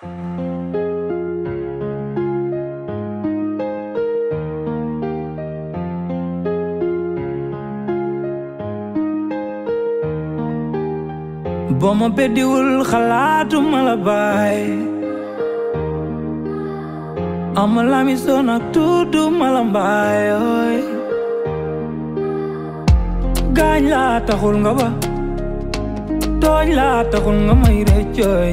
boo ma beddiwul xalaatu ma la baay ama gaañ laa taxul nga ba tooñ laa taxul nga may rëccooy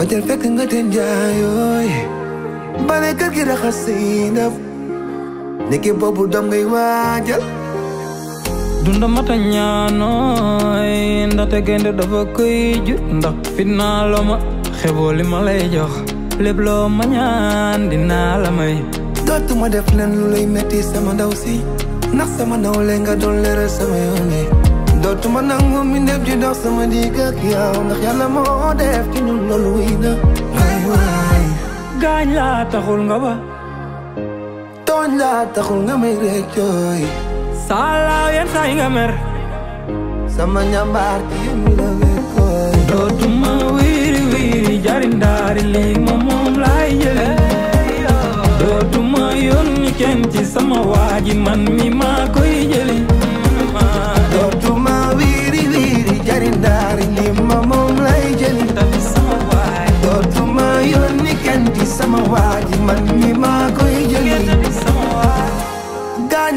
o jël fekk nga teen jaayooy bale kër gi raxas say ndaf niki boobu doom ngay waajal dunda mata ñaanooy ndaxte gaynde dafa koy ju ndax fitnaa loo lay jox lépp ma ñaan dinaa dootuma def leen lu metti sama ndaw si ndax sama ndaw lay nga doon leeral sama yoon dootuma nangu mi ndef di dox sama digg ak yow ndax moo def ci ñun loolu wéy na waay waay gaañ laa taxul nga ba tooñ laa taxul nga may réccooy saalaaw yenn saa nga mer sama dootuma wiiri wiiri jariñ daari lii ma moom laay jële dootuma yónni kenn sama waaji man mi maa koy jële